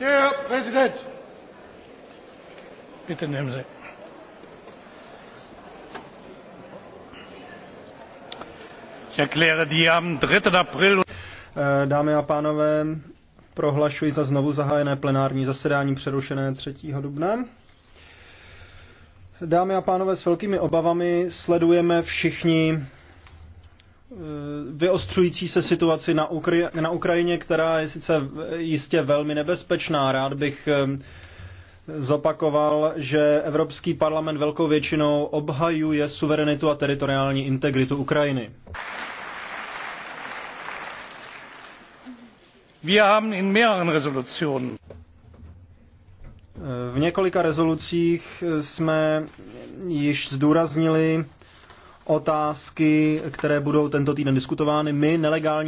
Herr Präsident! Bitte nehmen Sie. Ich erkläre die am 3. April. Eh, dámy a pánové, prohlašuji za znovu zahájené plenární zasedání přerušené 3. dubna. Dámy a pánové, s velkými obavami sledujeme všichni Eh, vyostřující se situaci na, Ukri- na Ukrajině, která je sice jistě velmi nebezpečná. Rád bych eh, zopakoval, že Evropský parlament velkou většinou obhajuje suverenitu a teritoriální integritu Ukrajiny. Wir haben in mehreren Resolutionen eh, v několika rezolucích jsme již zdůraznili otázky, které budou tento týden diskutovány. My nelegální